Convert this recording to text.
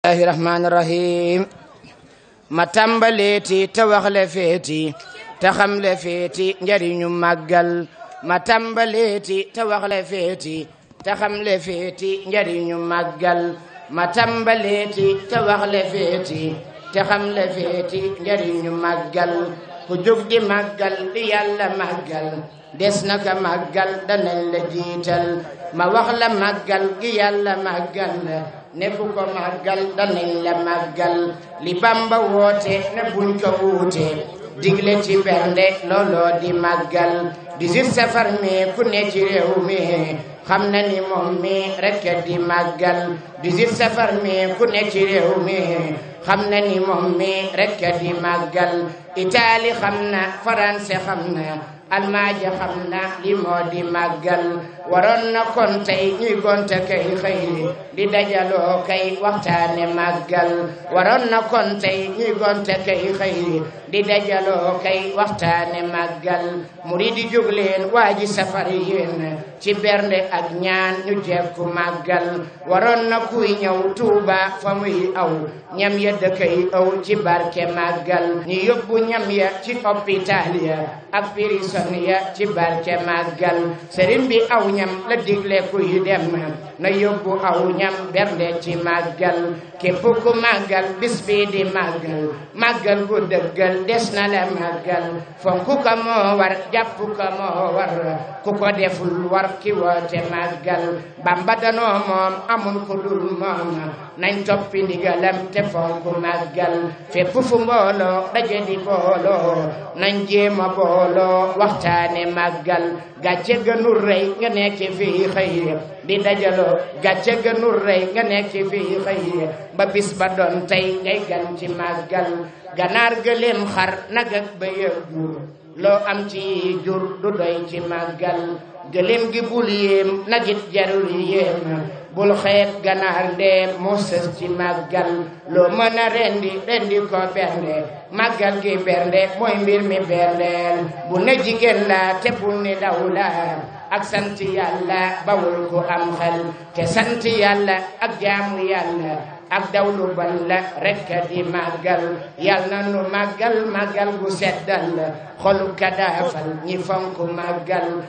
الله الرحمن الرحيم ma tàmbaleeti te wax le feeti te xam le feeti njariñu màggal ma tàmbaleeti te wax le feeti te xam le feeti njariñu màggal ma tàmbaleeti te wax le feeti te xam le feeti njariñu màggal ku jóg di màggal di yàlla màggal des na ka màggal danañ la jiital ma wax la màggal gi yàlla màggal ne fu ko màggal la màggal li bamba woote ne buñ ko wuute digle ci bernde looloo di màggal di sit safar mi ku ne ci réew mi xam na ni moom mi rekk di màggal di sit safar mi ku ne ci réew mi xam na ni moom mi rekk a fi màggal itaali xam na faranse xam na almaaja xam na li moo di màggal waroon na kon tey ñuy gonte kay xëy di dajaloo kay waxtaane màggal waroon na kon ñuy gonte kay xëy di dajaloo kay waxtaane màggal murid yi jóg leen waa ji ci bernde ak ñaan ñu jekku màggal waroon na kuy tuuba fa muy aw ñam ya tedd kay aw ci barke màggal ñi yóbbu ñam ya ci hôpital ya ak prison ya ci barke màggal sëriñ bi aw ñam la digle kuy dem na yóbbu aw ñam bernde ci màggal képp ku màggal bis bi di màggal màggal ku dëggal des na la màggal fonk moo war jàpp moo war ku ko deful war ki woote màggal Bamba moom amul ku dul moom nañ toppi ndigalam te fonk ku màggal fépp fu mbooloo daje di booloo na jéema booloo waxtaane màggal gàcce gënul rey nga nekk fii xëy di dajaloo gàcce gënul rey nga nekk fii xëy ba bis ba doon tey ngay gan ci màggal ganaar gëléem xar nag ak bëy loo am ci jur du doy ci màggal gëléem gi bul yéem nagit jarul yéem bul xeet ganaar ndeem mu sës ci màggal loo mën a rendi rendi ko bernde màggal gi bernde mooy mbir mi berndeel bu ne jigéen la te bul ne daw la ak sant yàlla bawul ko am xel te sant yàlla ak jaamu yàlla ak dawlu ban la rekk di màggal yal na nu màggal màggal gu seddal xolu kadaafal ñi fonk màggal